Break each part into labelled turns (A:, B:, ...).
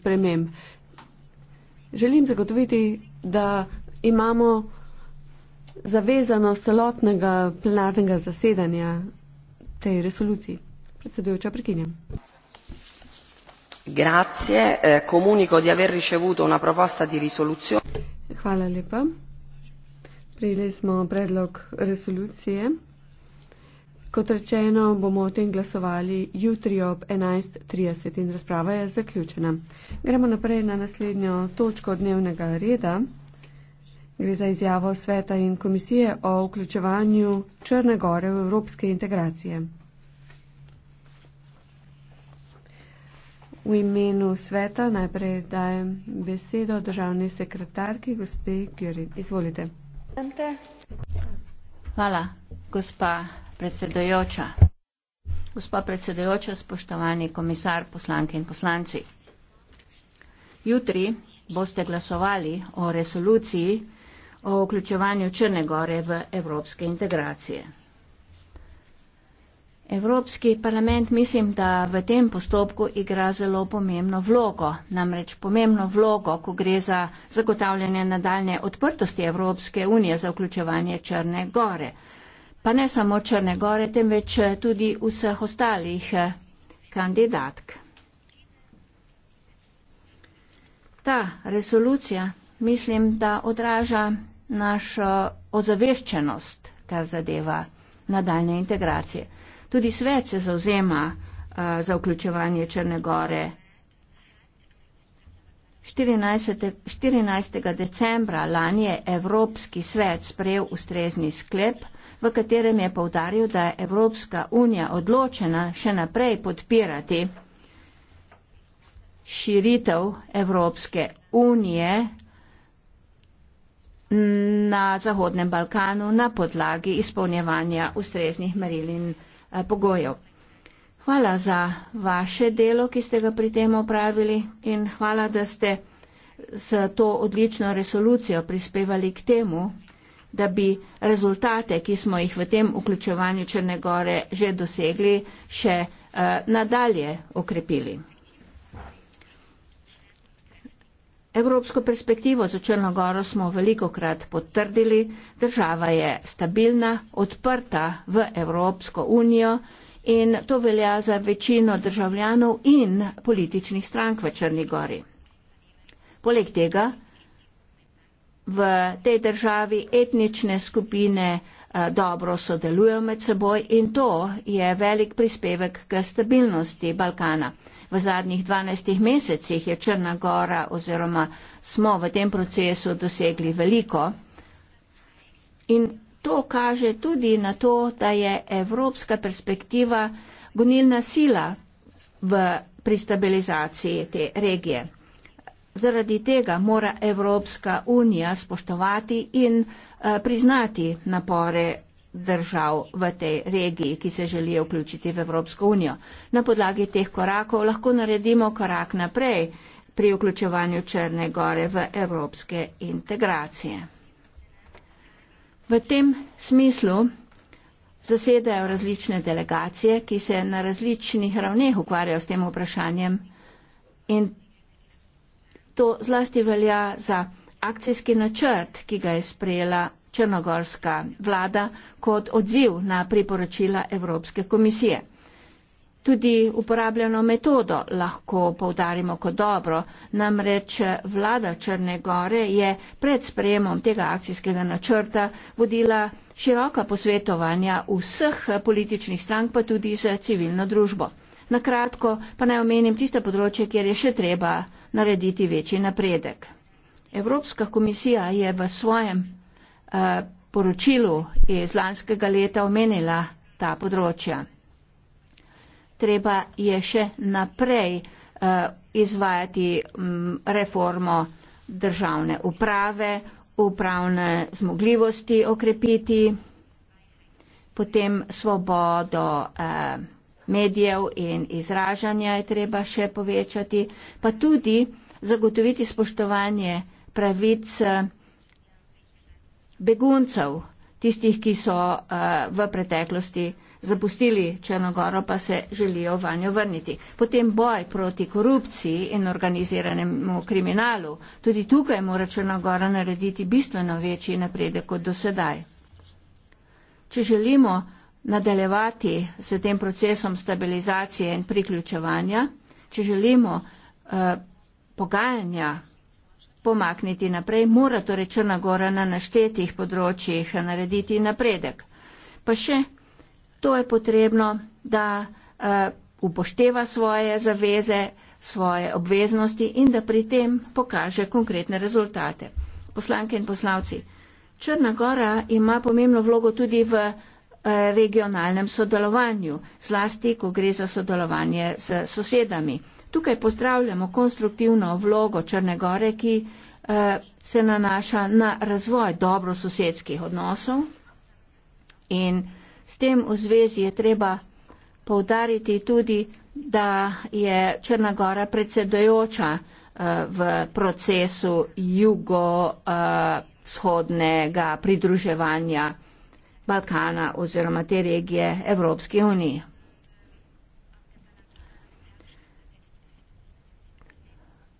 A: sprememb. Želim zagotoviti, da imamo zavezano celotnega plenarnega zasedanja tej resoluciji. Predsedujoča, prekinjam.
B: Grazie, eh, comunico di aver ricevuto una proposta di risoluzione.
A: Hvala lepa. Prejeli smo predlog resolucije. Kot rečeno, bomo o tem glasovali jutri ob 11.30 in razprava je zaključena. Gremo naprej na naslednjo točko dnevnega reda. Gre za izjavo sveta in komisije o vključevanju Črne gore v evropske integracije. V imenu sveta najprej dajem besedo državni sekretarki, gospe Gjuri. Izvolite.
C: Hvala, gospa predsedujoča. Gospa predsedujoča, spoštovani komisar, poslanke in poslanci. Jutri boste glasovali o resoluciji o vključevanju Črne Gore v evropske integracije. Evropski parlament mislim, da v tem postopku igra zelo pomembno vlogo, namreč pomembno vlogo, ko gre za zagotavljanje nadaljne odprtosti Evropske unije za vključevanje Črne Gore pa ne samo Črne Gore, temveč tudi vseh ostalih eh, kandidatk. Ta resolucija mislim, da odraža našo ozaveščenost, kar zadeva nadaljne integracije. Tudi svet se zauzema uh, eh, za vključevanje Črne Gore. 14. 14. decembra lani je Evropski svet sprejel ustrezni sklep, v katerem je povdaril, da je Evropska unija odločena še naprej podpirati širitev Evropske unije na Zahodnem Balkanu na podlagi izpolnjevanja ustreznih meril in eh, pogojev. Hvala za vaše delo, ki ste ga pri tem opravili in hvala, da ste s to odlično resolucijo prispevali k temu, da bi rezultate, ki smo jih v tem vključevanju Črne gore že dosegli, še eh, nadalje okrepili. Evropsko perspektivo za Črno goro smo veliko krat potrdili. Država je stabilna, odprta v Evropsko unijo in to velja za večino državljanov in političnih strank v Črni gori. Poleg tega v tej državi etnične skupine eh, dobro sodelujejo med seboj in to je velik prispevek k stabilnosti Balkana. V zadnjih 12 mesecih je Črna Gora oziroma smo v tem procesu dosegli veliko in to kaže tudi na to, da je evropska perspektiva gonilna sila v pristabilizaciji te regije. Zaradi tega mora Evropska unija spoštovati in eh, priznati napore držav v tej regiji, ki se želijo vključiti v Evropsko unijo. Na podlagi teh korakov lahko naredimo korak naprej pri vključevanju Črne gore v evropske integracije. V tem smislu zasedajo različne delegacije, ki se na različnih ravneh ukvarjajo s tem vprašanjem in To zlasti velja za akcijski načrt, ki ga je sprejela črnogorska vlada kot odziv na priporočila Evropske komisije. Tudi uporabljeno metodo lahko povdarimo kot dobro, namreč vlada Črne Gore je pred sprejemom tega akcijskega načrta vodila široka posvetovanja vseh političnih strank, pa tudi z civilno družbo. Na kratko pa naj omenim tiste področje, kjer je še treba narediti večji napredek. Evropska komisija je v svojem eh, poročilu iz lanskega leta omenila ta področja. Treba je še naprej eh, izvajati mm, reformo državne uprave, upravne zmogljivosti okrepiti, potem svobodo. Eh, medijev in izražanja je treba še povečati, pa tudi zagotoviti spoštovanje pravic eh, beguncev, tistih, ki so eh, v preteklosti zapustili Črnogoro, pa se želijo vanjo vrniti. Potem boj proti korupciji in organiziranemu kriminalu. Tudi tukaj mora Črnogora narediti bistveno večji napredek kot do sedaj. Če želimo nadaljevati s tem procesom stabilizacije in priključevanja, če želimo eh, pogajanja pomakniti naprej, mora torej Črna Gora na naštetih področjih narediti napredek. Pa še to je potrebno, da eh, upošteva svoje zaveze, svoje obveznosti in da pri tem pokaže konkretne rezultate. Poslanke in poslavci, Črna Gora ima pomembno vlogo tudi v Eh, regionalnem sodelovanju, zlasti, ko gre za sodelovanje s sosedami. Tukaj pozdravljamo konstruktivno vlogo Črnegore, ki eh, se nanaša na razvoj dobro sosedskih odnosov in s tem v zvezi je treba povdariti tudi, da je Črnagora predsedojoča eh, v procesu jugo-vzhodnega pridruževanja. Balkana oziroma te regije Evropske unije.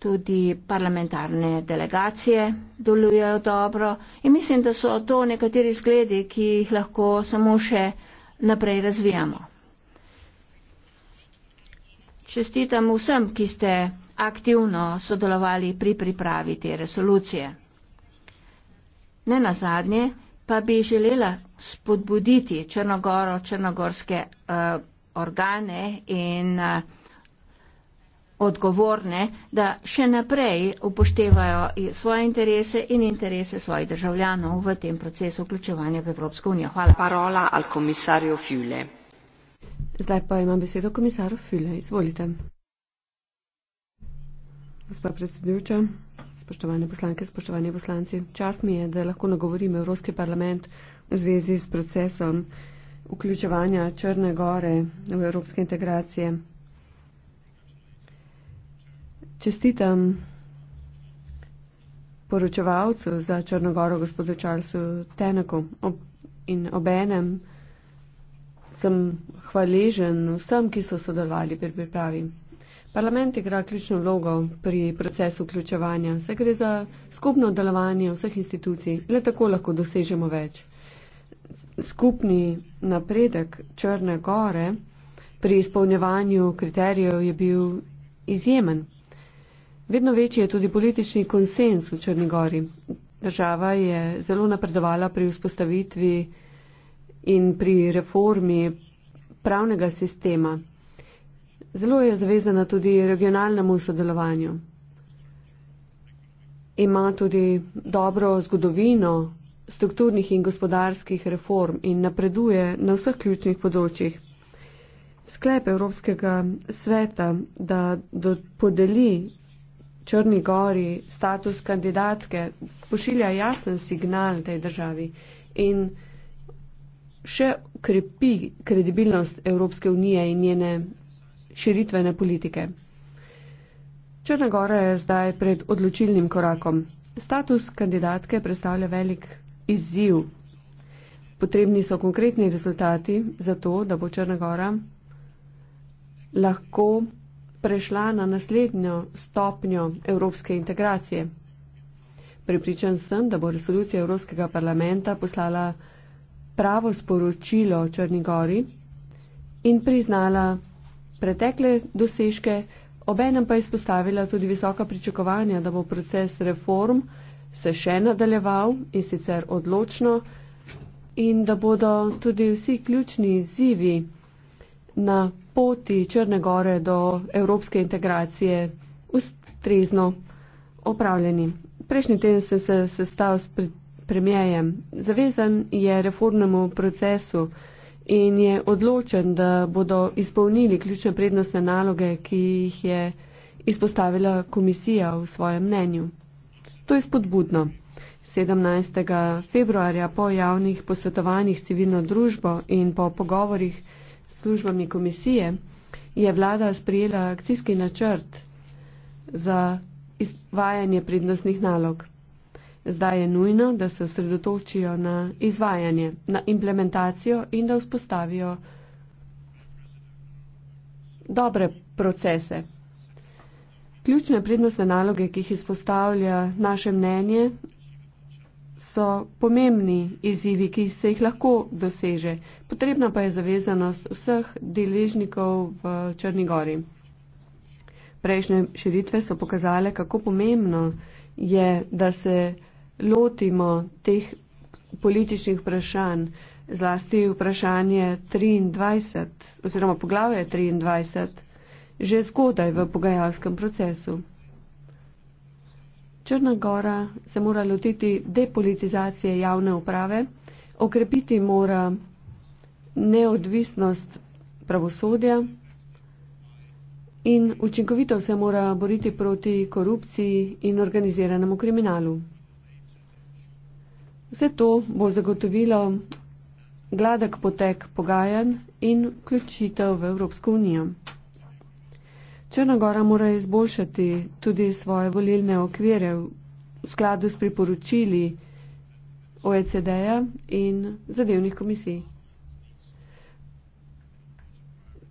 C: Tudi parlamentarne delegacije delujejo dobro in mislim, da so to nekateri zgledi, ki jih lahko samo še naprej razvijamo. Čestitam vsem, ki ste aktivno sodelovali pri pripravi te resolucije. Ne nazadnje, pa bi želela spodbuditi Črnogoro, črnogorske uh, organe in uh, odgovorne, da še naprej upoštevajo svoje interese in interese svojih državljanov v tem procesu vključevanja v Evropsko unijo. Hvala. Parola al komisarju
B: Fjule.
A: Zdaj pa imam besedo komisaru Fjule. Izvolite. Gospa predsedujoča, spoštovane poslanke, spoštovani poslanci. Čast mi je, da lahko nagovorim Evropski parlament v zvezi s procesom vključevanja Črne gore v evropske integracije. Čestitam poročevalcu za Črnogoro, gospodu Charlesu Tenaku in obenem sem hvaležen vsem, ki so sodelovali pri pripravi Parlament igra ključno vlogo pri procesu vključevanja. Se gre za skupno delovanje vseh institucij. Le tako lahko dosežemo več. Skupni napredek Črne gore pri izpolnjevanju kriterijev je bil izjemen. Vedno večji je tudi politični konsens v Črni gori. Država je zelo napredovala pri vzpostavitvi in pri reformi pravnega sistema. Zelo je zavezana tudi regionalnemu sodelovanju. Ima tudi dobro zgodovino strukturnih in gospodarskih reform in napreduje na vseh ključnih področjih. Sklep Evropskega sveta, da podeli Črni gori status kandidatke, pošilja jasen signal tej državi in še krepi kredibilnost Evropske unije in njene širitvene politike. Črna Gora je zdaj pred odločilnim korakom. Status kandidatke predstavlja velik izziv. Potrebni so konkretni rezultati za to, da bo Črna Gora lahko prešla na naslednjo stopnjo evropske integracije. Pripričan sem, da bo resolucija Evropskega parlamenta poslala pravo sporočilo Črni Gori in priznala pretekle dosežke, obenem pa izpostavila tudi visoka pričakovanja, da bo proces reform se še nadaljeval in sicer odločno in da bodo tudi vsi ključni izzivi na poti Črne gore do evropske integracije ustrezno opravljeni. Prejšnji teden se je sestal s premijejem. Zavezan je reformnemu procesu in je odločen, da bodo izpolnili ključne prednostne naloge, ki jih je izpostavila komisija v svojem mnenju. To je spodbudno. 17. februarja po javnih posvetovanjih civilno družbo in po pogovorjih s službami komisije je vlada sprijela akcijski načrt za izvajanje prednostnih nalog. Zdaj je nujno, da se osredotočijo na izvajanje, na implementacijo in da vzpostavijo dobre procese. Ključne prednostne naloge, ki jih izpostavlja naše mnenje, so pomembni izzivi, ki se jih lahko doseže. Potrebna pa je zavezanost vseh deležnikov v Črnigori. Prejšnje širitve so pokazale, kako pomembno je, da se lotimo teh političnih vprašanj, zlasti vprašanje 23 oziroma poglavje 23, že zgodaj v pogajalskem procesu. Črna gora se mora lotiti depolitizacije javne uprave, okrepiti mora neodvisnost pravosodja in učinkovito se mora boriti proti korupciji in organiziranemu kriminalu. Vse to bo zagotovilo gladek potek pogajanj in vključitev v Evropsko unijo. Črnagora mora izboljšati tudi svoje volilne okvire v skladu s priporočili OECD-ja in zadevnih komisij.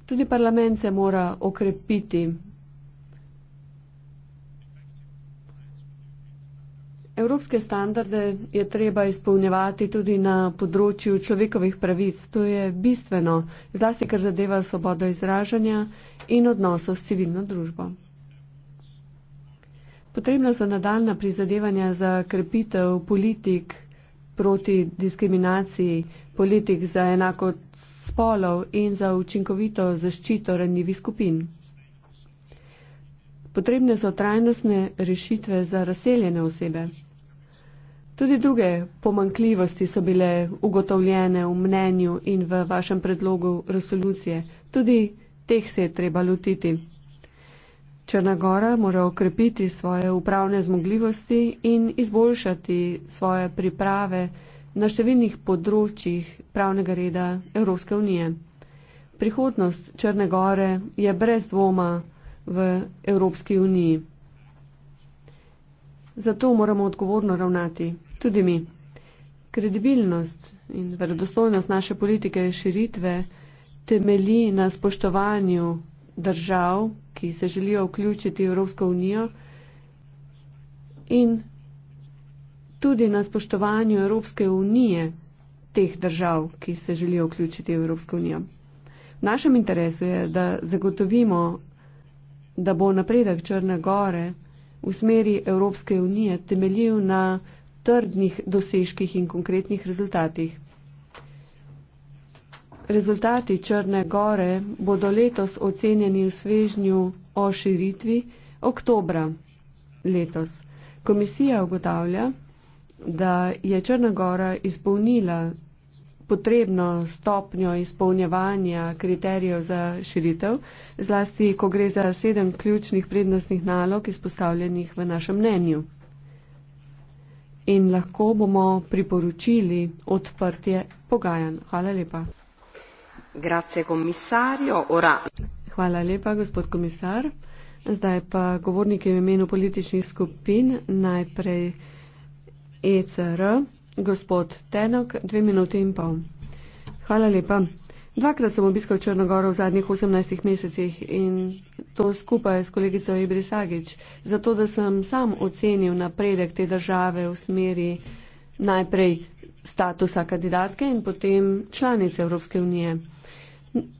A: Tudi parlament se mora okrepiti evropske standarde je treba izpolnjevati tudi na področju človekovih pravic. To je bistveno, zlasti kar zadeva svobodo izražanja in odnosov s civilno družbo. Potrebna so nadaljna prizadevanja za krepitev politik proti diskriminaciji, politik za enako spolov in za učinkovito zaščito ranjivih skupin. Potrebne so trajnostne rešitve za razseljene osebe. Tudi druge pomankljivosti so bile ugotovljene v mnenju in v vašem predlogu resolucije. Tudi teh se je treba lotiti. Črnagora mora okrepiti svoje upravne zmogljivosti in izboljšati svoje priprave na številnih področjih pravnega reda Evropske unije. Prihodnost Črne gore je brez dvoma v Evropski uniji. Zato moramo odgovorno ravnati. Tudi mi. Kredibilnost in verodostojnost naše politike širitve temelji na spoštovanju držav, ki se želijo vključiti v Evropsko unijo in tudi na spoštovanju Evropske unije teh držav, ki se želijo vključiti v Evropsko unijo. V našem interesu je, da zagotovimo, da bo napredek Črne gore v smeri Evropske unije temeljil na trdnih dosežkih in konkretnih rezultatih. Rezultati Črne gore bodo letos ocenjeni v svežnju o širitvi oktobra letos. Komisija ugotavlja, da je Črna gora izpolnila potrebno stopnjo izpolnjevanja kriterijev za širitev, zlasti ko gre za sedem ključnih prednostnih nalog izpostavljenih v našem mnenju in lahko bomo priporočili odprtje pogajanj. Hvala lepa.
B: Grazie, ora.
A: Hvala lepa, gospod komisar. Zdaj pa govornik je v imenu političnih skupin, najprej ECR, gospod Tenok, dve minute in pol. Hvala lepa. Dvakrat sem obiskal Črnogoro v zadnjih 18 mesecih in to skupaj s kolegico Ibrisagič, zato da sem sam ocenil napredek te države v smeri najprej statusa kandidatke in potem članice Evropske unije.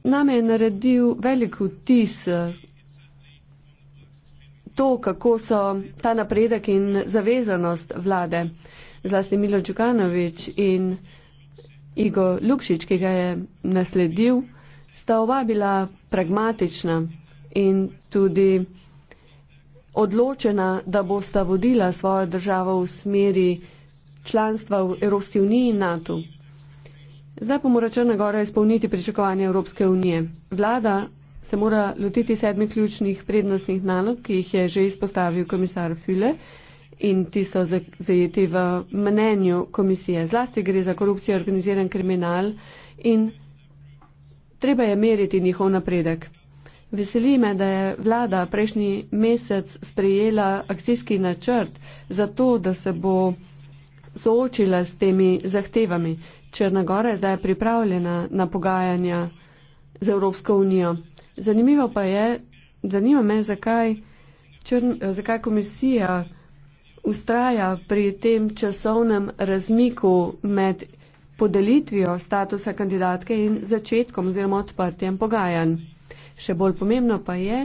A: Name je naredil velik vtis to, kako so ta napredek in zavezanost vlade, zlasti Milo Čukanovič in Igo Lukšič, ki ga je nasledil, sta oba bila pragmatična in tudi odločena, da bosta vodila svojo državo v smeri članstva v Evropski uniji in NATO. Zdaj pa mora Črna Gora izpolniti pričakovanje Evropske unije. Vlada se mora lotiti sedmih ključnih prednostnih nalog, ki jih je že izpostavil komisar Füle in ti so zajeti v mnenju komisije. Zlasti gre za korupcijo, organiziran kriminal in treba je meriti njihov napredek. Veseli me, da je vlada prejšnji mesec sprejela akcijski načrt za to, da se bo soočila s temi zahtevami. Črna Gora je zdaj pripravljena na pogajanja z Evropsko unijo. Zanimivo pa je, zanima me, zakaj, črn, zakaj komisija ustraja pri tem časovnem razmiku med podelitvijo statusa kandidatke in začetkom oziroma odprtjem pogajanj. Še bolj pomembno pa je,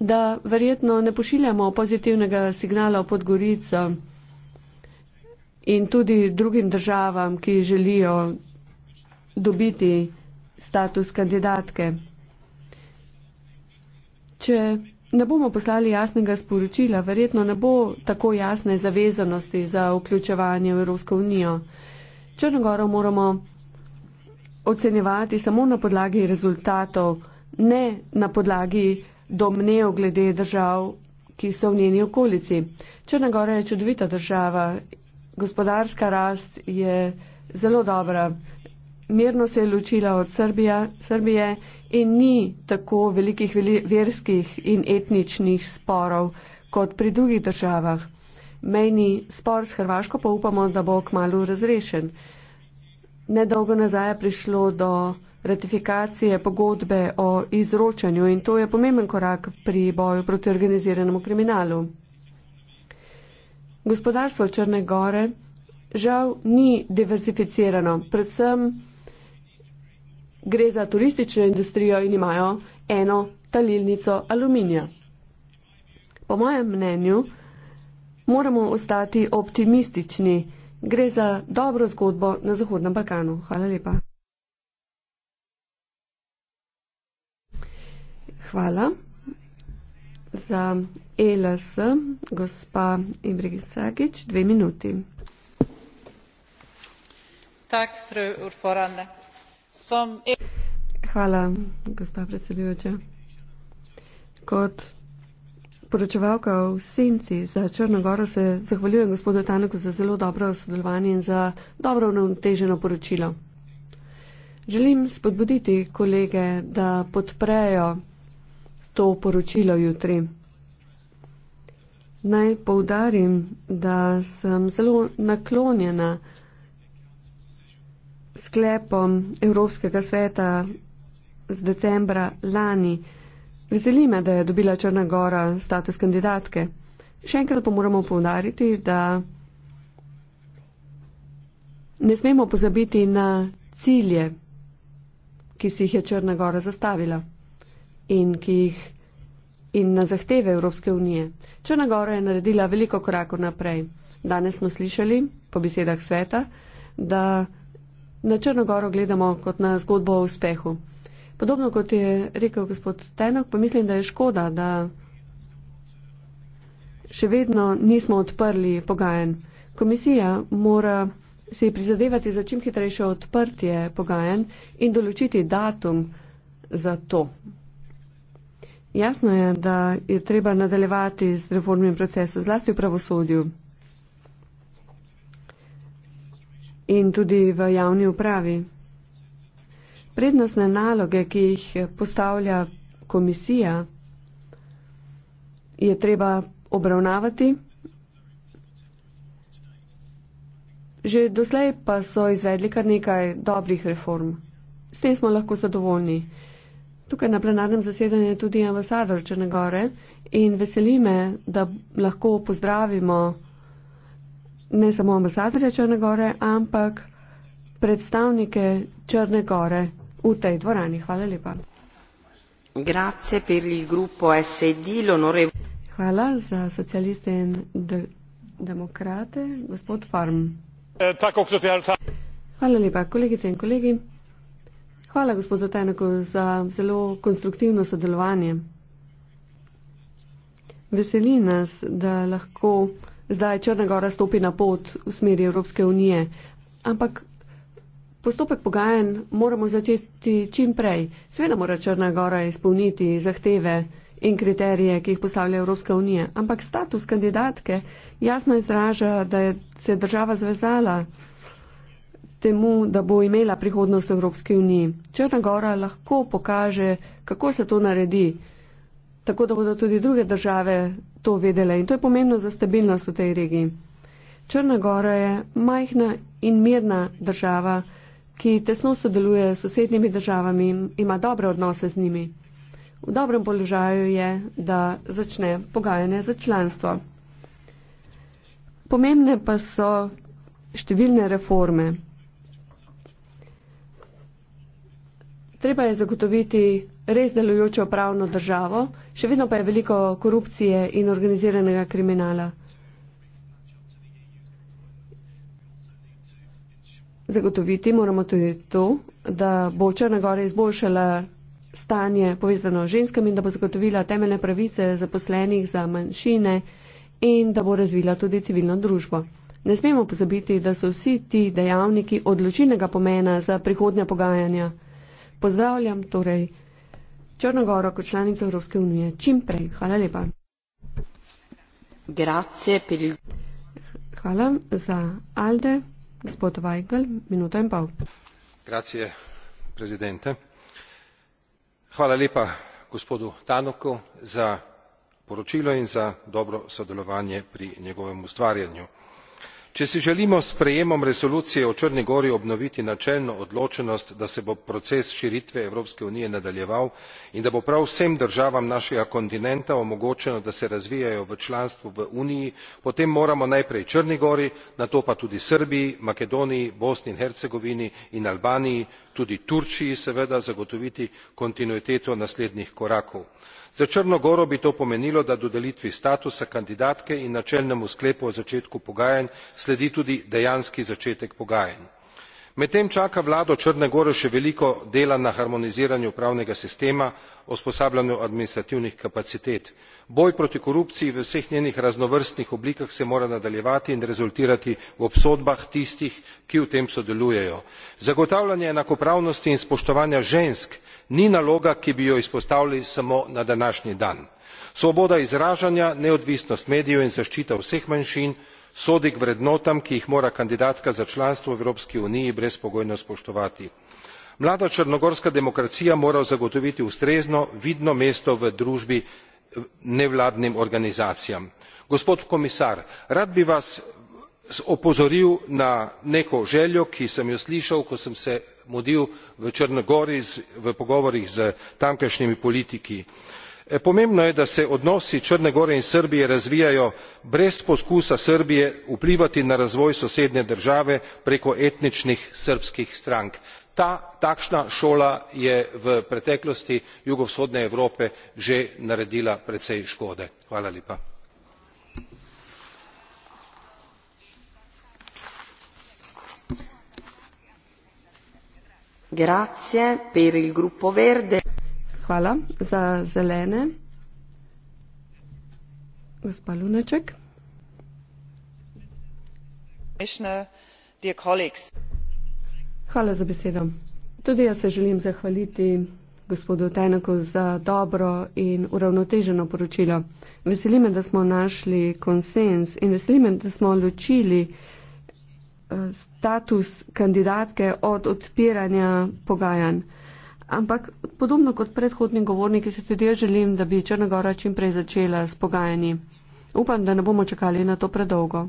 A: da verjetno ne pošiljamo pozitivnega signala v Podgorico in tudi drugim državam, ki želijo dobiti status kandidatke. Če ne bomo poslali jasnega sporočila, verjetno ne bo tako jasne zavezanosti za vključevanje v Evropsko unijo. Črnogoro moramo ocenjevati samo na podlagi rezultatov, ne na podlagi domnev glede držav, ki so v njeni okolici. Črnogora je čudovita država, gospodarska rast je zelo dobra. Mirno se je ločila od Srbije in ni tako velikih verskih in etničnih sporov kot pri drugih državah. Mejni spor s Hrvaško pa upamo, da bo kmalo razrešen. Nedolgo nazaj je prišlo do ratifikacije pogodbe o izročanju in to je pomemben korak pri boju proti organiziranemu kriminalu. Gospodarstvo Črne Gore žal ni diversificirano, predvsem Gre za turistično industrijo in imajo eno talilnico aluminija. Po mojem mnenju moramo ostati optimistični. Gre za dobro zgodbo na Zahodnem Balkanu. Hvala lepa. Hvala za ELS, gospa Ibrigi Sakič, dve minuti. Tak, tre urforane. E- Hvala, gospa predsedujoča. Kot poročevalka v Senci za Črnogoro se zahvaljujem gospodu Taneku za zelo dobro sodelovanje in za dobro navteženo poročilo. Želim spodbuditi kolege, da podprejo to poročilo jutri. Naj poudarim, da sem zelo naklonjena sklepom Evropskega sveta z decembra lani. Veseli me, da je dobila Črna Gora status kandidatke. Še enkrat pa moramo povdariti, da ne smemo pozabiti na cilje, ki si jih je Črna Gora zastavila in, jih, in na zahteve Evropske unije. Črna Gora je naredila veliko korakov naprej. Danes smo slišali po besedah sveta, da na Črno goro gledamo kot na zgodbo o uspehu. Podobno kot je rekel gospod Tenok, pa mislim, da je škoda, da še vedno nismo odprli pogajen. Komisija mora se prizadevati za čim hitrejše odprtje pogajen in določiti datum za to. Jasno je, da je treba nadaljevati z reformnim procesom, zlasti v pravosodju. in tudi v javni upravi. Prednostne naloge, ki jih postavlja komisija, je treba obravnavati. Že doslej pa so izvedli kar nekaj dobrih reform. S tem smo lahko zadovoljni. Tukaj na plenarnem zasedanju je tudi ambasador Črnegore in veseli me, da lahko pozdravimo ne samo ambasadorje Črne Gore, ampak predstavnike Črne Gore v tej dvorani. Hvala lepa.
B: Grazie per il gruppo SD, l'onorevole.
A: Hvala za socialiste in de demokrate, gospod Farm. Eh, Hvala lepa, kolegice in kolegi. Hvala gospodu Tajnaku za zelo konstruktivno sodelovanje. Veseli nas, da lahko zdaj Črnagora stopi na pot v smeri Evropske unije. Ampak postopek pogajanj moramo začeti čim prej. Sveda mora Črnagora izpolniti zahteve in kriterije, ki jih postavlja Evropska unija. Ampak status kandidatke jasno izraža, da je se država zvezala temu, da bo imela prihodnost v Evropski uniji. Črna Gora lahko pokaže, kako se to naredi, tako da bodo tudi druge države to vedele in to je pomembno za stabilnost v tej regiji. Črna Gora je majhna in mirna država, ki tesno sodeluje s sosednjimi državami in ima dobre odnose z njimi. V dobrem položaju je, da začne pogajanje za članstvo. Pomembne pa so številne reforme. Treba je zagotoviti res delujočo pravno državo, še vedno pa je veliko korupcije in organiziranega kriminala. Zagotoviti moramo tudi to, da bo Črna Gora izboljšala stanje povezano z ženskami in da bo zagotovila temeljne pravice zaposlenih za manjšine in da bo razvila tudi civilno družbo. Ne smemo pozabiti, da so vsi ti dejavniki odločilnega pomena za prihodnja pogajanja. Pozdravljam torej. Črno goro kot članico Evropske unije čim prej. Hvala lepa. Per il... Hvala za Alde, gospod Weigl, minuta in pol.
D: Grazie, prezidente. Hvala lepa gospodu Tanoku za poročilo in za dobro sodelovanje pri njegovem ustvarjanju če si želimo s sprejemom resolucije o črni gori obnoviti načelno odločenost da se bo proces širitve evropske unije nadaljeval in da bo prav vsem državam našega kontinenta omogočeno da se razvijajo v članstvu v uniji potem moramo najprej črni gori nato pa tudi srbiji makedoniji bosni in hercegovini in albaniji tudi turčiji seveda zagotoviti kontinuiteto naslednjih korakov. za črno goro bi to pomenilo da dodelitvi statusa kandidatke in načelnemu sklepu o začetku pogajanj sledi tudi dejanski začetek pogajanj medtem čaka vlado črne gore še veliko dela na harmoniziranju pravnega sistema usposabljanju administrativnih kapacitet. boj proti korupciji v vseh njenih raznovrstnih oblikah se mora nadaljevati in rezultirati v obsodbah tistih ki v tem sodelujejo. zagotavljanje enakopravnosti in spoštovanja žensk ni naloga ki bi jo izpostavili samo na današnji dan. svoboda izražanja neodvisnost medijev in zaščita vseh manjšin sodi k vrednotam ki jih mora kandidatka za članstvo v evropski uniji brezpogojno spoštovati. mlada črnogorska demokracija mora zagotoviti ustrezno vidno mesto v družbi nevladnim organizacijam. gospod komisar rad bi vas opozoril na neko željo ki sem jo slišal ko sem se mudil v črni gori v pogovorih s tamkajšnjimi politiki. E, pomembno je da se odnosi črne gore in srbije razvijajo brez poskusa srbije vplivati na razvoj sosednje države preko etničnih srbskih strank. takšna šola je v preteklosti jugovzhodne evrope že naredila precej škode
B: hvala za zelene. Gospa Luneček.
A: Hvala za besedo. Tudi jaz se želim zahvaliti gospodu Tenaku za dobro in uravnoteženo poročilo. Veseli me, da smo našli konsens in veseli me, da smo ločili eh, status kandidatke od odpiranja pogajanj. Ampak podobno kot predhodni govorniki se tudi jaz želim, da bi Črnagora čim prej začela s pogajanji. Upam, da ne bomo čakali na to predolgo.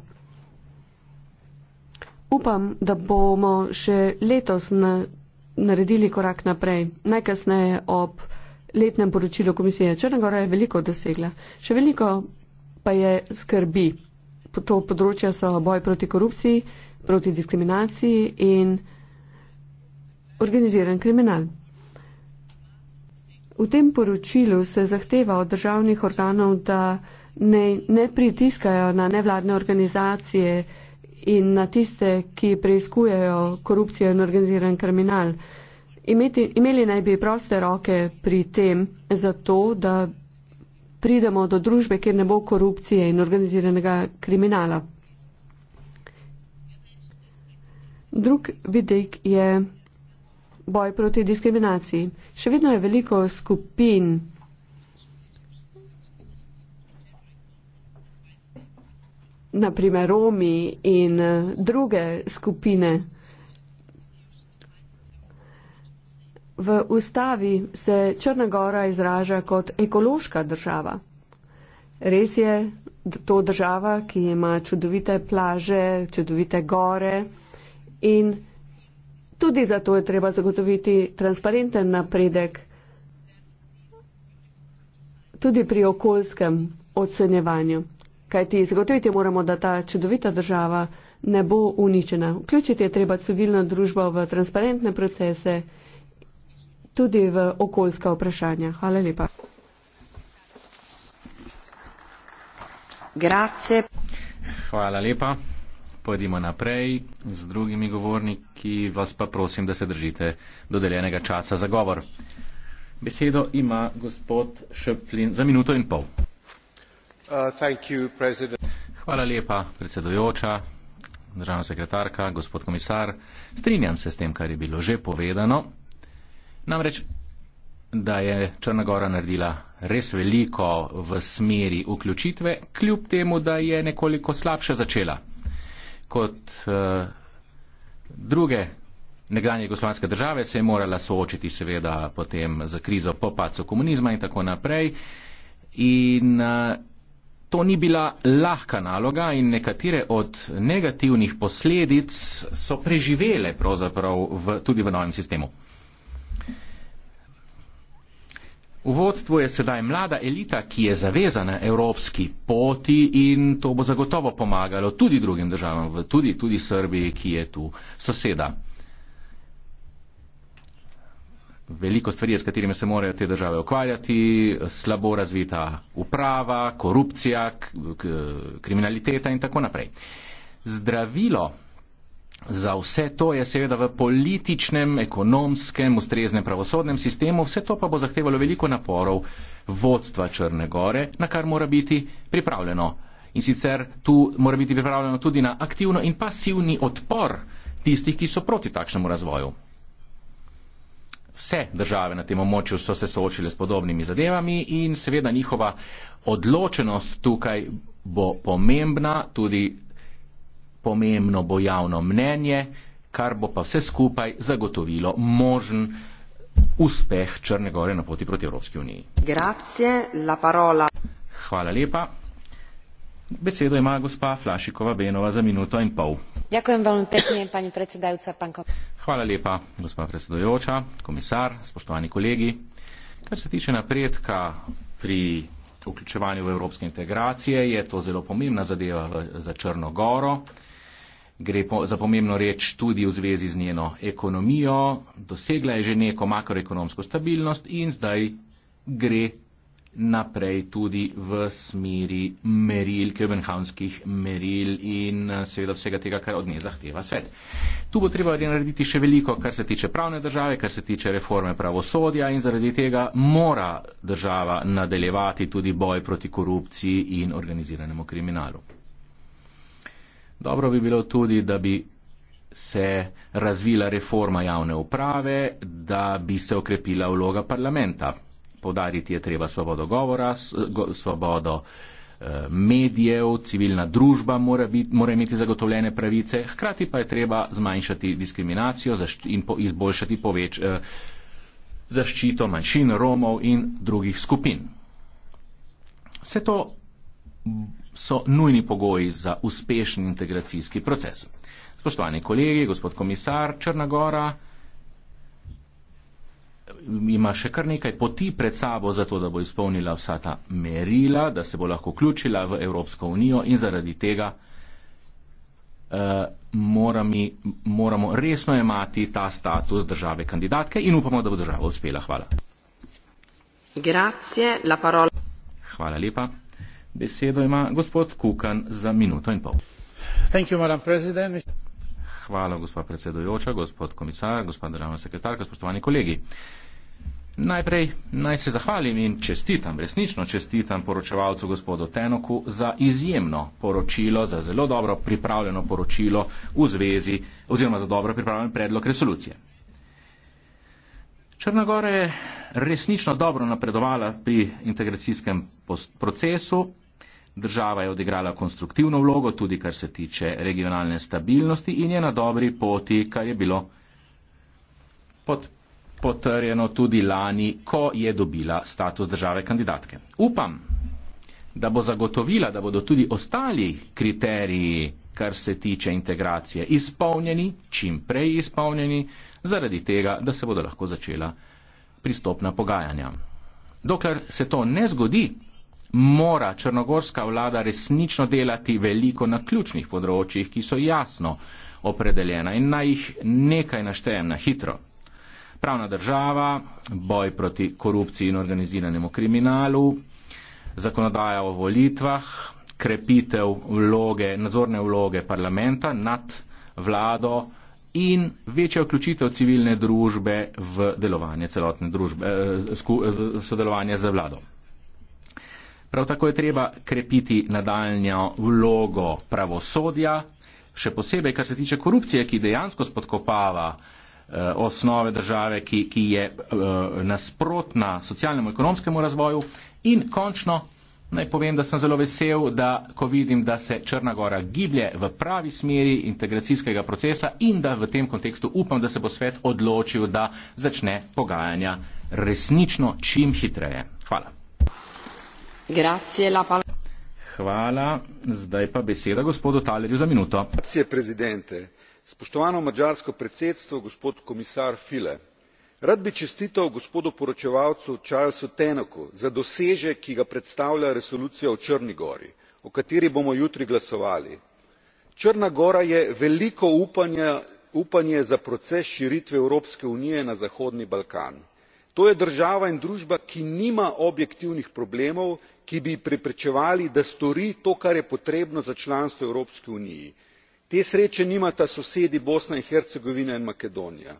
A: Upam, da bomo še letos na, naredili korak naprej, najkasneje ob letnem poročilu komisije. Črnagora je veliko dosegla, še veliko pa je skrbi. To področje so boj proti korupciji, proti diskriminaciji in organiziran kriminal. V tem poročilu se zahteva od državnih organov, da ne, ne pritiskajo na nevladne organizacije in na tiste, ki preizkujejo korupcijo in organiziran kriminal. Imeti, imeli naj bi proste roke pri tem, zato da pridemo do družbe, kjer ne bo korupcije in organiziranega kriminala. Drug vidik je boj proti diskriminaciji. Še vedno je veliko skupin, naprimer Romi in eh, druge skupine. V ustavi se Črna Gora izraža kot ekološka država. Res je, to država, ki ima čudovite plaže, čudovite gore in Tudi zato je treba zagotoviti transparenten napredek tudi pri okoljskem ocenjevanju. Kajti zagotoviti moramo, da ta čudovita država ne bo uničena. Vključiti je treba civilno družbo v transparentne procese, tudi v okoljska vprašanja. Hvala
B: lepa. Grazie.
E: Hvala lepa pojdimo naprej z drugimi govorniki, vas pa prosim, da se držite dodeljenega časa za govor. Besedo ima gospod Šeplin za minuto in pol. Uh, you, Hvala lepa, predsedojoča, državna sekretarka, gospod komisar. Strinjam se s tem, kar je bilo že povedano. Namreč, da je Črna Gora naredila res veliko v smeri vključitve, kljub temu, da je nekoliko slabše začela kot eh, druge nekdanje jugoslovanske države se je morala soočiti seveda potem z krizo po pacu komunizma in tako naprej. In eh, to ni bila lahka naloga in nekatere od negativnih posledic so preživele pravzaprav v, tudi v novem sistemu. V vodstvu je sedaj mlada elita, ki je zavezana evropski poti in to bo zagotovo pomagalo tudi drugim državam, tudi, tudi Srbiji, ki je tu soseda. Veliko stvari, s katerimi se morajo te države ukvarjati, slabo razvita uprava, korupcija, kriminaliteta in tako naprej. Zdravilo Za vse to je seveda v političnem, ekonomskem, ustreznem pravosodnem sistemu, vse to pa bo zahtevalo veliko naporov vodstva Črne Gore, na kar mora biti pripravljeno. In sicer tu mora biti pripravljeno tudi na aktivno in pasivni odpor tistih, ki so proti takšnemu razvoju. Vse države na tem območju so se soočile s podobnimi zadevami in seveda njihova odločenost tukaj bo pomembna tudi pomembno bo javno mnenje, kar bo pa vse skupaj zagotovilo možen uspeh Črne gore na poti proti Evropski uniji. Grazie, la parola. Hvala lepa. Besedo ima gospa Flašikova Benova za minuto in pol.
C: Vam pekne, pani
E: Hvala lepa, gospa predsedojoča, komisar, spoštovani kolegi. Kar se tiče napredka pri vključevanju v evropske integracije, je to zelo pomembna zadeva za Črno goro gre po, za pomembno reč tudi v zvezi z njeno ekonomijo, dosegla je že neko makroekonomsko stabilnost in zdaj gre naprej tudi v smeri meril, kebenhavnskih meril in seveda vsega tega, kar od nje zahteva svet. Tu bo treba narediti še veliko, kar se tiče pravne države, kar se tiče reforme pravosodja in zaradi tega mora država nadaljevati tudi boj proti korupciji in organiziranemu kriminalu. Dobro bi bilo tudi, da bi se razvila reforma javne uprave, da bi se okrepila vloga parlamenta. Podariti je treba svobodo govora, svobodo eh, medijev, civilna družba mora, biti, mora imeti zagotovljene pravice, hkrati pa je treba zmanjšati diskriminacijo in po, izboljšati poveč, eh, zaščito manjšin, romov in drugih skupin. Vse to so nujni pogoji za uspešen integracijski proces. Spoštovani kolegi, gospod komisar Črnagora ima še kar nekaj poti pred sabo za to, da bo izpolnila vsa ta merila, da se bo lahko vključila v Evropsko unijo in zaradi tega uh, mora mi, moramo resno imati ta status države kandidatke in upamo, da bo država uspela. Hvala. Grazie, la parola. Hvala lepa. Besedo ima gospod Kukan za minuto in pol. You, Hvala, gospod predsedojoča, gospod komisar, gospod državna sekretarka, spoštovani kolegi. Najprej naj se zahvalim in čestitam, resnično čestitam poročevalcu gospodu Tenoku za izjemno poročilo, za zelo dobro pripravljeno poročilo v zvezi oziroma za dobro pripravljen predlog resolucije. Črna Gora je resnično dobro napredovala pri integracijskem procesu Država je odigrala konstruktivno vlogo, tudi kar se tiče regionalne stabilnosti in je na dobri poti, kar je bilo pot, potrjeno tudi lani, ko je dobila status države kandidatke. Upam, da bo zagotovila, da bodo tudi ostali kriteriji, kar se tiče integracije, izpolnjeni, čim prej izpolnjeni, zaradi tega, da se bodo lahko začela pristopna pogajanja. Dokler se to ne zgodi, mora črnogorska vlada resnično delati veliko na ključnih področjih, ki so jasno opredeljena in naj jih nekaj naštejem na hitro. Pravna država, boj proti korupciji in organiziranemu kriminalu, zakonodaja o volitvah, krepitev vloge, nadzorne vloge parlamenta nad vlado in večja vključitev civilne družbe v delovanje celotne družbe, eh, eh, sodelovanje z vlado. Prav tako je treba krepiti nadaljnjo vlogo pravosodja, še posebej, kar se tiče korupcije, ki dejansko spodkopava eh, osnove države, ki, ki je eh, nasprotna socialnemu in ekonomskemu razvoju. In končno, naj povem, da sem zelo vesel, da ko vidim, da se Črna Gora giblje v pravi smeri integracijskega procesa in da v tem kontekstu upam, da se bo svet odločil, da začne pogajanja resnično čim hitreje. Hvala.
B: Hvala.
E: Zdaj pa beseda gospodu Talerju za minuto. Hvala, predsedujoči.
F: Spoštovano
B: mađarsko predsedstvo,
F: gospod komisar File. Rad bi čestital gospodu poročevalcu Charlesu Tenoku za dosežek, ki ga predstavlja resolucija o Črni gori, o kateri bomo jutri glasovali. Črna gora je veliko upanje, upanje za proces širitve Evropske unije na Zahodni Balkan to je država in družba ki nima objektivnih problemov ki bi ji preprečevali da stori to kar je potrebno za članstvo v evropski uniji. te sreče nimata sosedi bosna in hercegovina in makedonija.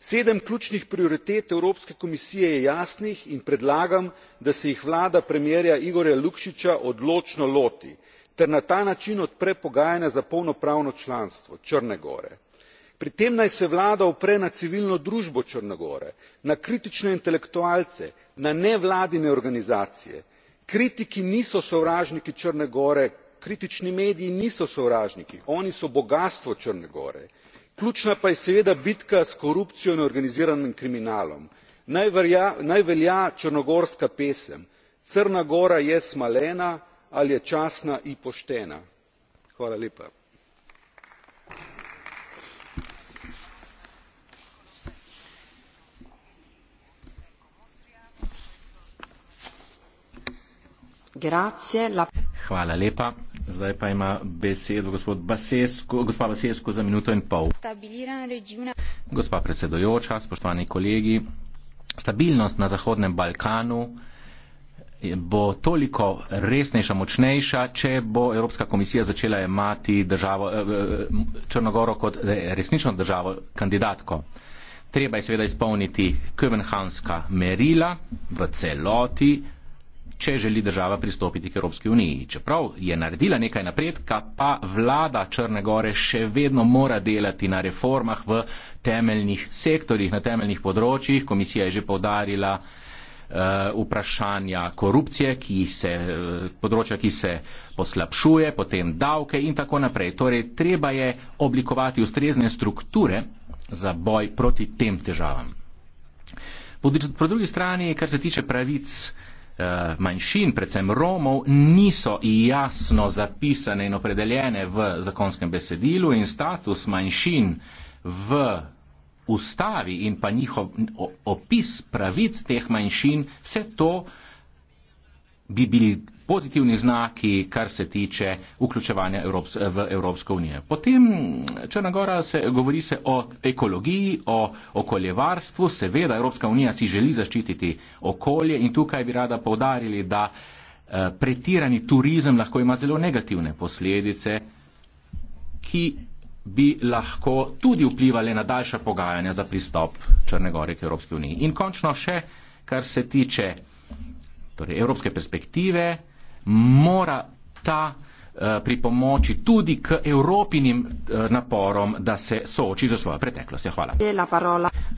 F: sedem ključnih prioritet evropske komisije je jasnih in predlagam da se jih vlada premierja igorja lukšiča odločno loti ter na ta način odpre pogajanja za polnopravno članstvo črne gore pri tem naj se vlada opre na civilno družbo črne gore na kritične intelektualce na nevladine organizacije kritiki niso sovražniki črne gore kritični mediji niso sovražniki oni so bogastvo črne gore ključna pa je seveda bitka s korupcijo in organiziranim kriminalom naj verja naj velja črnogorska pesem crna gora je smalena ali je častna i poštena hvala lepa
B: Grazie, la...
E: Hvala lepa. Zdaj pa ima besedo gospod Basesko, gospa Basesko za minuto in pol. Regione... Gospa predsedojoča, spoštovani kolegi, stabilnost na Zahodnem Balkanu bo toliko resnejša, močnejša, če bo Evropska komisija začela imati državo, eh, eh, Črnogoro kot eh, resnično državo kandidatko. Treba je seveda izpolniti Kövenhanska merila v celoti, če želi država pristopiti k Evropski uniji. Čeprav je naredila nekaj napredka, pa vlada Črne Gore še vedno mora delati na reformah v temeljnih sektorjih, na temeljnih področjih. Komisija je že povdarila eh, vprašanja korupcije, ki se, eh, področja, ki se poslabšuje, potem davke in tako naprej. Torej, treba je oblikovati ustrezne strukture za boj proti tem težavam. Po drugi strani, kar se tiče pravic, Eh, manjšin, predvsem Romov, niso jasno zapisane in opredeljene v zakonskem besedilu in status manjšin v ustavi in pa njihov opis pravic teh manjšin, vse to uh, bi bili pozitivni znaki, kar se tiče vključevanja Evrops v Evropsko unijo. Potem Črna Gora se govori se o ekologiji, o okoljevarstvu. Seveda Evropska unija si želi zaščititi okolje in tukaj bi rada povdarili, da eh, pretirani turizem lahko ima zelo negativne posledice, ki bi lahko tudi vplivali na daljša pogajanja za pristop Črne Gore k Evropski uniji. In končno še, kar se tiče torej evropske perspektive, mora ta eh, pri pomoči tudi k evropinim eh, naporom, da se sooči za svojo preteklost. Hvala. E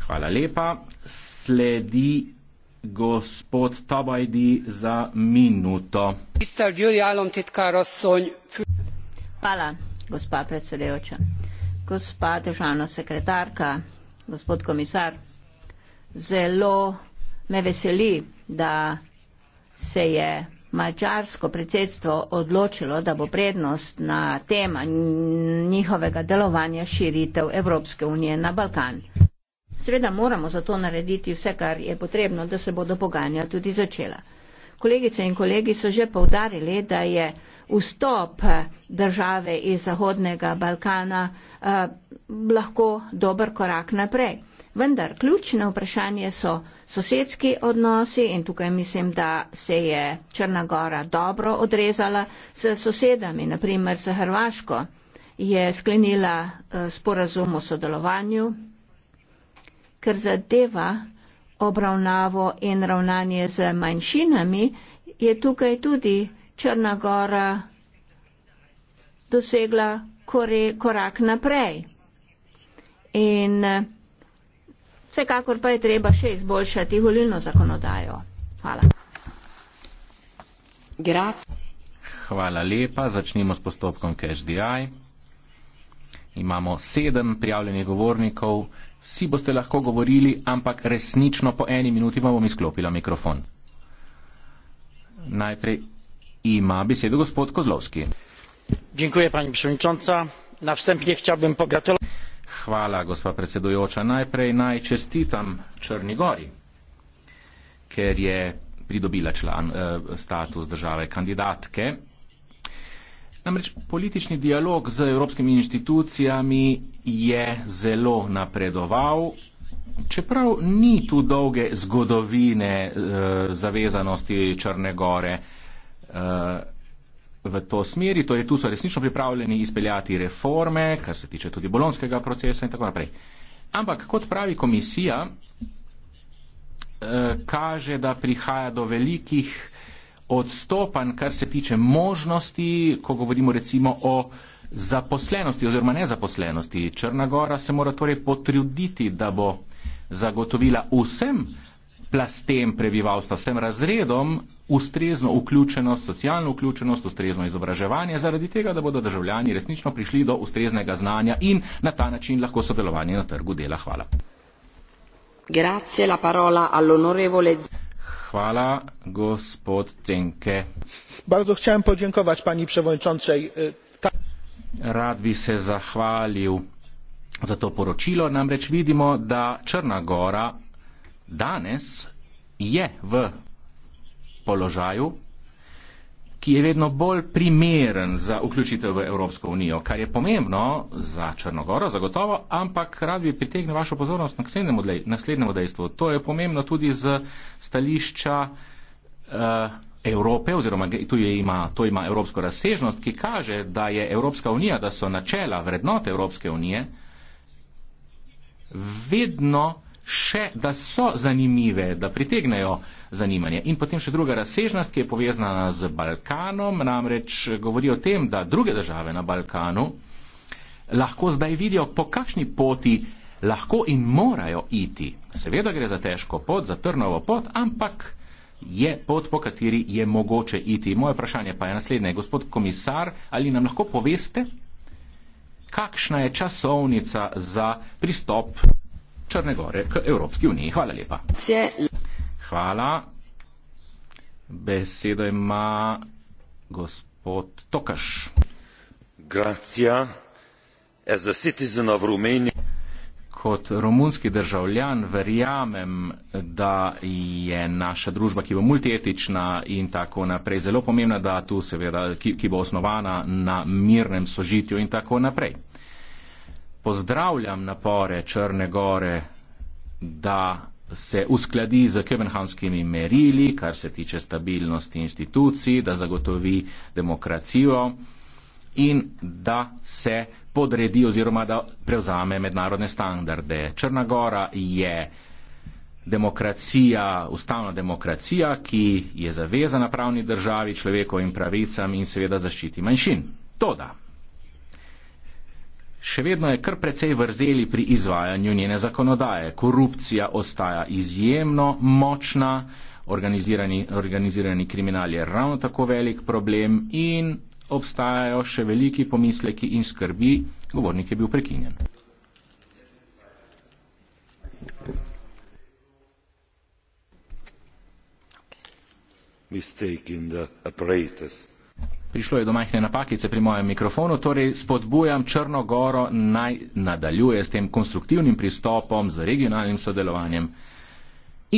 E: Hvala lepa. Sledi gospod Tabajdi za minuto.
C: Hvala, gospa predsedujoča. Gospa državna sekretarka, gospod komisar, zelo me veseli, da se je mačarsko predsedstvo odločilo, da bo prednost na tema njihovega delovanja širitev Evropske unije na Balkan. Seveda moramo za to narediti vse, kar je potrebno, da se bodo pogajanja tudi začela. Kolegice in kolegi so že povdarili, da je vstop države iz Zahodnega Balkana eh, lahko dober korak naprej vendar ključne vprašanje so sosedski odnosi in tukaj mislim, da se je Črna Gora dobro odrezala s sosedami, naprimer s Hrvaško je sklenila eh, sporazum o sodelovanju, ker zadeva obravnavo in ravnanje z manjšinami, je tukaj tudi Črna Gora dosegla korak naprej. In Vsekakor pa je treba še izboljšati volilno zakonodajo. Hvala.
E: Hvala lepa. Začnimo s postopkom CashDI. Imamo sedem prijavljenih govornikov. Vsi boste lahko govorili, ampak resnično po eni minuti vam bom izklopila mikrofon. Najprej ima besedo gospod Kozlovski. Dziękuję, pani przewodnicząca. Na wstępie chciałbym pogratulować hvala, gospa predsedujoča. Najprej naj čestitam Črni Gori, ker je pridobila član, eh, status države kandidatke. Namreč politični dialog z evropskimi inštitucijami je zelo napredoval, čeprav ni tu dolge zgodovine eh, zavezanosti Črne Gore. Eh, v to smeri, torej tu so resnično pripravljeni izpeljati reforme, kar se tiče tudi bolonskega procesa in tako naprej. Ampak kot pravi komisija, eh, kaže, da prihaja do velikih odstopanj, kar se tiče možnosti, ko govorimo recimo o zaposlenosti oziroma nezaposlenosti. Črna gora se mora torej potruditi, da bo zagotovila vsem plastem prebivalstva, vsem razredom ustrezno vključenost, socialno vključenost, ustrezno izobraževanje, zaradi tega, da bodo državljani resnično prišli do ustreznega znanja in na ta način lahko sodelovanje na trgu dela. Hvala. Hvala, gospod Cenke.
B: Bardzo chciałem podziękować pani przewodniczącej. Ta...
E: Rad bi se zahvalil za to poročilo. Namreč vidimo, da Črna Gora danes je v položaju, ki je vedno bolj primeren za vključitev v Evropsko unijo, kar je pomembno za Črnogoro, zagotovo, ampak rad bi pritegnil vašo pozornost na naslednjemu dejstvu. To je pomembno tudi z stališča uh, Evrope, oziroma tu je ima, to ima evropsko razsežnost, ki kaže, da je Evropska unija, da so načela vrednote Evropske unije vedno še, da so zanimive, da pritegnejo zanimanje. In potem še druga razsežnost, ki je povezana z Balkanom, namreč govori o tem, da druge države na Balkanu lahko zdaj vidijo, po kakšni poti lahko in morajo iti. Seveda gre za težko pot, za trnovo pot, ampak je pot, po kateri je mogoče iti. Moje vprašanje pa je naslednje, gospod komisar, ali nam lahko poveste, kakšna je časovnica za pristop Črne gore k Evropski uniji? Hvala lepa. Hvala. Besedo ima gospod Tokaš. Grazia. As a citizen of Romania. Kot romunski državljan verjamem, da je naša družba, ki bo multietična in tako naprej, zelo pomembna, da tu seveda, ki, ki bo osnovana na mirnem sožitju in tako naprej. Pozdravljam napore Črne gore, da se uskladi z kevenhamskimi merili, kar se tiče stabilnosti institucij, da zagotovi demokracijo in da se podredi oziroma da prevzame mednarodne standarde. Črna Gora je demokracija, ustavna demokracija, ki je zavezana pravni državi, človekovim pravicam in seveda zaščiti manjšin. Toda, Še vedno je kar precej vrzeli pri izvajanju njene zakonodaje. Korupcija ostaja izjemno močna, organizirani, organizirani kriminal je ravno tako velik problem in obstajajo še veliki pomisleki in skrbi. Govornik je bil prekinjen. Mistake in the apparatus prišlo je do majhne napakice pri mojem mikrofonu, torej spodbujam Črnogoro naj nadaljuje s tem konstruktivnim pristopom, z regionalnim sodelovanjem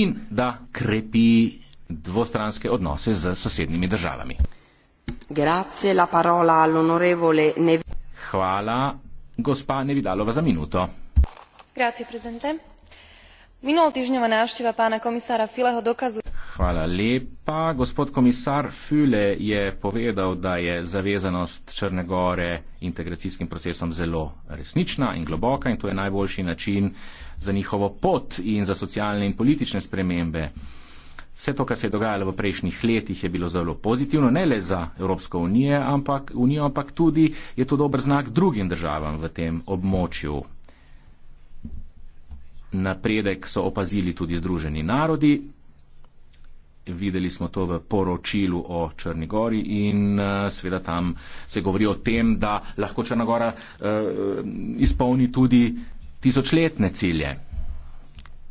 E: in da krepi dvostranske odnose z sosednjimi državami. Grazie la parola all'onorevole Nevidalova. Hvala, gospa Nevidalova, za minuto.
B: Grazie, prezidente.
D: Minulotižňová návšteva pána komisára Fileho dokazuje...
E: Hvala lepa. Gospod komisar Füle je povedal, da je zavezanost Črne Gore integracijskim procesom zelo resnična in globoka in to je najboljši način za njihovo pot in za socialne in politične spremembe. Vse to, kar se je dogajalo v prejšnjih letih, je bilo zelo pozitivno, ne le za Evropsko unijo, ampak, unijo, ampak tudi je to dober znak drugim državam v tem območju. Napredek so opazili tudi Združeni narodi, videli smo to v poročilu o Črnigori in eh, seveda tam se govori o tem, da lahko Črnagora eh, izpolni tudi tisočletne cilje.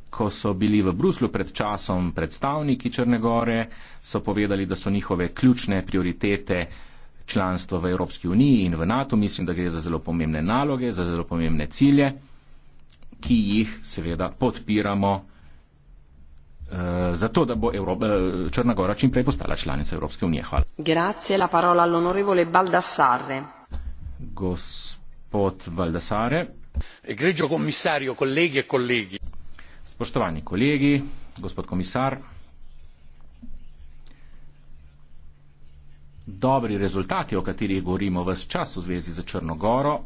E: Ko so bili v Bruslu pred časom predstavniki Črnegore, so povedali, da so njihove ključne prioritete članstvo v Evropski uniji in v NATO. Mislim, da gre za zelo pomembne naloge, za zelo pomembne cilje, ki jih seveda podpiramo za to, da bo Evropa, eh, Črna Gora čim prej postala članica Evropske unije. Hvala.
B: Grazie, la parola all'onorevole Baldassare.
E: Gospod Baldassare. Egregio commissario, colleghi e colleghi. Spoštovani kolegi, gospod komisar. Dobri rezultati, o katerih govorimo vse čas v zvezi z Črnogoro,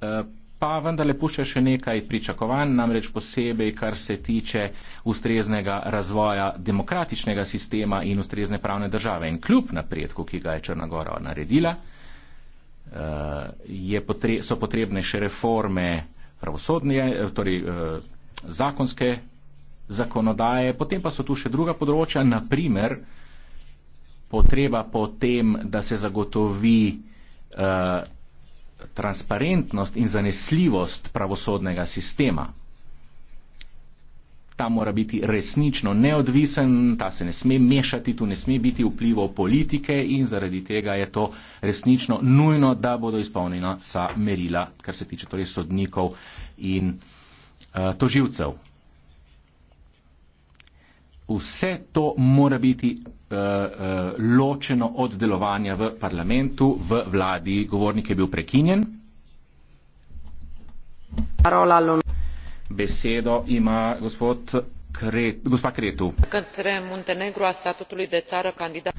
E: eh, pa vendarle pušča še nekaj pričakovanj, namreč posebej, kar se tiče ustreznega razvoja demokratičnega sistema in ustrezne pravne države. In kljub napredku, ki ga je Črnagora naredila, eh, potre so potrebne še reforme pravosodne, eh, torej eh, zakonske zakonodaje, potem pa so tu še druga področja, naprimer potreba po tem, da se zagotovi transparentnost in zanesljivost pravosodnega sistema. Ta mora biti resnično neodvisen, ta se ne sme mešati, tu ne sme biti vplivov politike in zaradi tega je to resnično nujno, da bodo izpolnjena vsa merila, kar se tiče torej sodnikov in uh, eh, toživcev vse to mora biti uh, uh, ločeno od delovanja v parlamentu, v vladi. Govornik je bil prekinjen. Besedo ima gospod Kret, gospa Kretu.
A: Montenegro a statutului de țară candidat.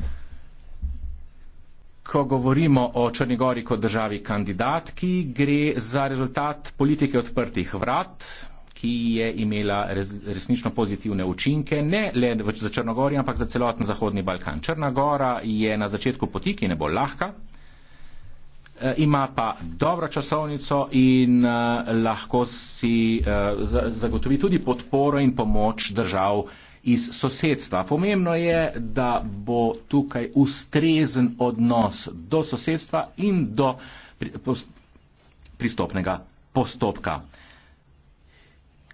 E: Ko govorimo o Črnigori kot državi kandidatki, gre za rezultat politike odprtih vrat ki je imela res, resnično pozitivne učinke, ne le za Črnogorijo, ampak za celoten Zahodni Balkan. Črna Gora je na začetku poti, ki ne bo lahka, eh, ima pa dobro časovnico in eh, lahko si eh, zagotovi tudi podporo in pomoč držav iz sosedstva. Pomembno je, da bo tukaj ustrezen odnos do sosedstva in do pristopnega postopka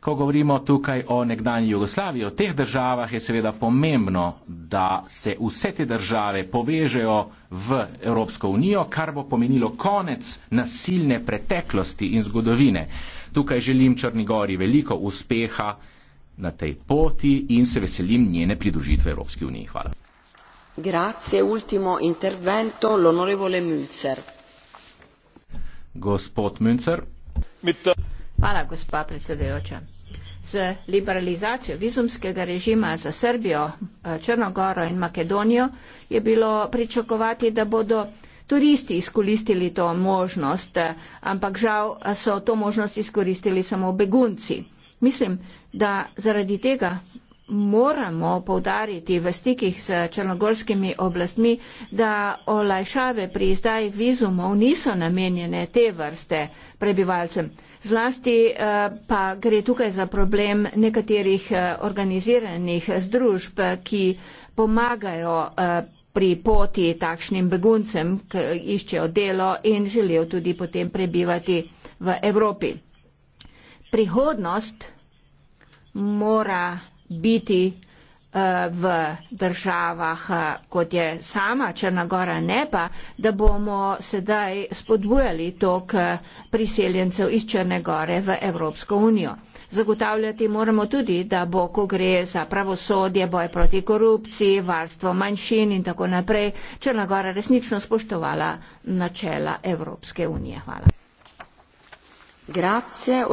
E: ko govorimo tukaj o nekdanji Jugoslaviji, o teh državah, je seveda pomembno, da se vse te države povežejo v Evropsko unijo, kar bo pomenilo konec nasilne preteklosti in zgodovine. Tukaj želim Črnigori veliko uspeha na tej poti in se veselim njene pridružitve Evropski uniji. Hvala.
B: Grazie, ultimo intervento, l'onorevole Münzer.
E: Gospod Münzer.
C: Hvala, gospa predsedujoča z liberalizacijo vizumskega režima za Srbijo, eh, Črnogoro in Makedonijo je bilo pričakovati, da bodo turisti izkoristili to možnost, eh, ampak žal eh, so to možnost izkoristili samo begunci. Mislim, da zaradi tega moramo povdariti v stikih s črnogorskimi oblastmi, da olajšave pri izdaji vizumov niso namenjene te vrste prebivalcem. Zlasti eh, pa gre tukaj za problem nekaterih eh, organiziranih združb, ki pomagajo eh, pri poti takšnim beguncem, ki iščejo delo in želijo tudi potem prebivati v Evropi. Prihodnost mora biti v državah, eh, kot je sama Črnagora, ne pa, da bomo sedaj spodbujali tok eh, priseljencev iz Črne Gore v Evropsko unijo. Zagotavljati moramo tudi, da bo, ko gre za pravosodje, boj proti korupciji, varstvo manjšin in tako naprej, Črna Gora resnično spoštovala načela Evropske unije. Hvala.
B: Grazie,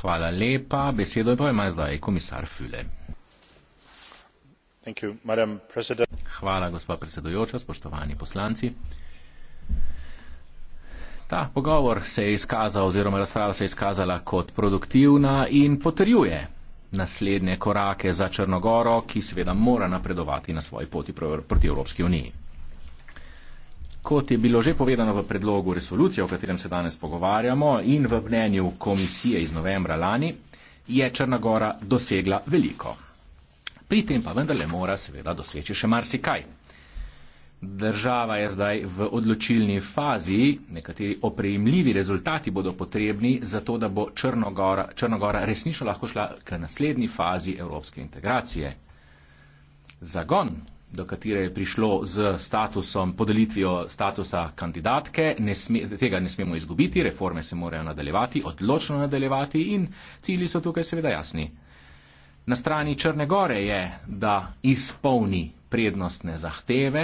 E: Hvala lepa, besedo pa ima zdaj komisar Füle. Ta pogovor se je izkazal oziroma razprava se je izkazala kot produktivna in potrjuje naslednje korake za Črnogoro, ki seveda mora napredovati na svoji poti proti Evropski uniji. Kot je bilo že povedano v predlogu resolucije, o katerem se danes pogovarjamo in v mnenju komisije iz novembra lani, je Črnagora dosegla veliko pri tem pa vendarle mora seveda doseči še marsikaj. Država je zdaj v odločilni fazi, nekateri oprejemljivi rezultati bodo potrebni, zato da bo Črnogora, Črnogora resnično lahko šla k naslednji fazi evropske integracije. Zagon, do katere je prišlo z statusom, podelitvijo statusa kandidatke, ne sme, tega ne smemo izgubiti, reforme se morajo nadaljevati, odločno nadaljevati in cilji so tukaj seveda jasni. Na strani Črne Gore je, da izpolni prednostne zahteve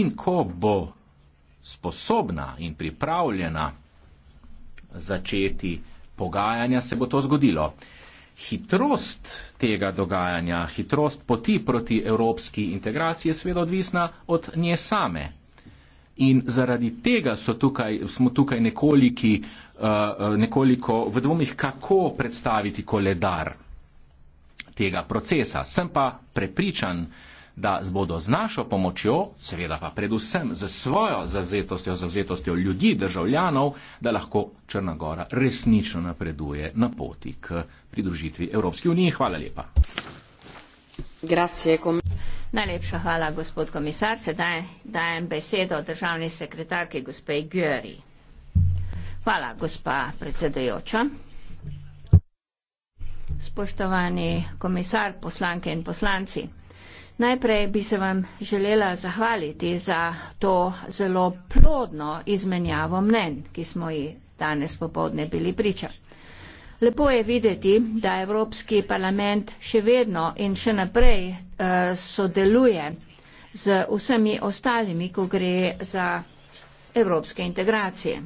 E: in ko bo sposobna in pripravljena začeti pogajanja, se bo to zgodilo. Hitrost tega dogajanja, hitrost poti proti evropski integraciji je sveda odvisna od nje same. In zaradi tega tukaj, smo tukaj nekoliki, uh, uh, nekoliko v dvomih, kako predstaviti koledar tega procesa. Sem pa prepričan, da bodo z našo pomočjo, seveda pa predvsem z svojo zavzetostjo, zavzetostjo ljudi, državljanov, da lahko Črnagora resnično napreduje na poti k pridružitvi Evropski uniji. Hvala lepa.
C: Grazie, kom... Najlepša hvala, gospod komisar. Sedaj dajem besedo državni sekretarki, gospej Gjeri. Hvala, gospa predsedujoča spoštovani komisar, poslanke in poslanci. Najprej bi se vam želela zahvaliti za to zelo plodno izmenjavo mnen, ki smo ji danes popovdne bili priča. Lepo je videti, da Evropski parlament še vedno in še naprej uh, sodeluje z vsemi ostalimi, ko gre za evropske integracije.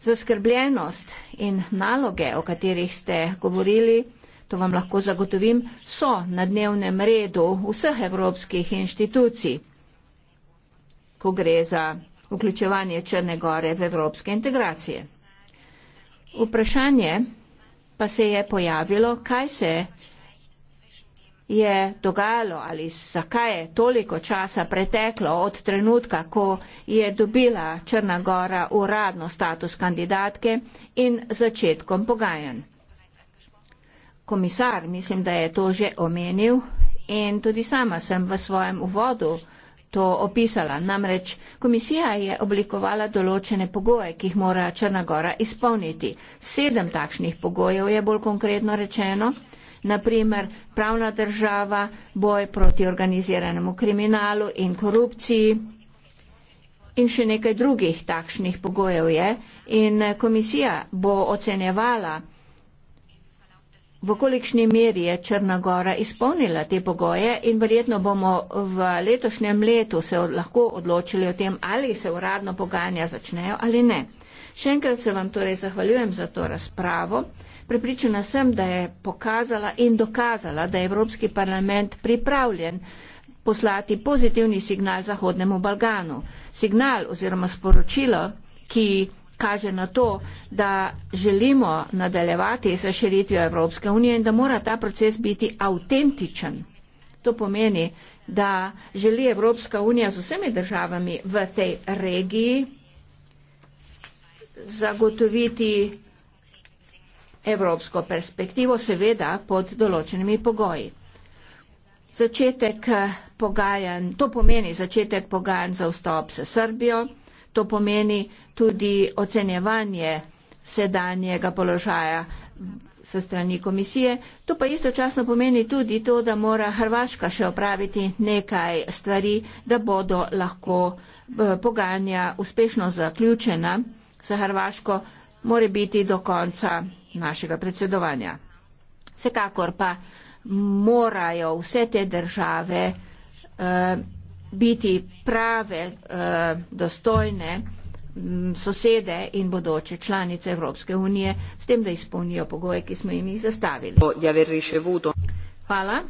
C: Zaskrbljenost in naloge, o katerih ste govorili, to vam lahko zagotovim, so na dnevnem redu vseh evropskih inštitucij, ko gre za vključevanje Črne gore v evropske integracije. Vprašanje pa se je pojavilo, kaj se je dogajalo ali zakaj je toliko časa preteklo od trenutka, ko je dobila Črna Gora uradno status kandidatke in začetkom pogajanj. Komisar mislim, da je to že omenil in tudi sama sem v svojem uvodu to opisala. Namreč komisija je oblikovala določene pogoje, ki jih mora Črna Gora izpolniti. Sedem takšnih pogojev je bolj konkretno rečeno naprimer pravna država, boj proti organiziranemu kriminalu in korupciji in še nekaj drugih takšnih pogojev je. In komisija bo ocenjevala, v kolikšni meri je Črna Gora izpolnila te pogoje in verjetno bomo v letošnjem letu se lahko odločili o tem, ali se uradno pogajanja začnejo ali ne. Še enkrat se vam torej zahvaljujem za to razpravo. Prepričana sem, da je pokazala in dokazala, da je Evropski parlament pripravljen poslati pozitivni signal Zahodnemu Balganu. Signal oziroma sporočilo, ki kaže na to, da želimo nadaljevati sa širitvijo Evropske unije in da mora ta proces biti avtentičen. To pomeni, da želi Evropska unija z vsemi državami v tej regiji zagotoviti evropsko perspektivo, seveda pod določenimi pogoji. Začetek eh, pogajanj, to pomeni začetek pogajanj za vstop s Srbijo, to pomeni tudi ocenjevanje sedanjega položaja s strani komisije. To pa istočasno pomeni tudi to, da mora Hrvaška še opraviti nekaj stvari, da bodo lahko eh, pogajanja uspešno zaključena za Hrvaško, more biti do konca našega predsedovanja. Vsekakor pa morajo vse te države uh, biti prave, uh, dostojne um, sosede in bodoče članice Evropske unije, s tem, da izpolnijo pogoje, ki smo jim jih zastavili. Hvala.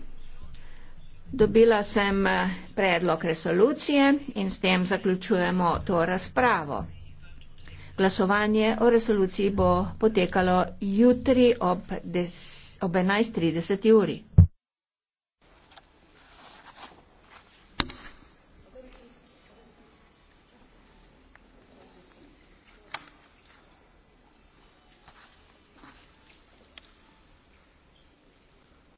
C: Dobila sem eh, predlog resolucije in s tem zaključujemo to razpravo. Glasovanje o resoluciji bo potekalo jutri ob, des, ob 11.30 uri.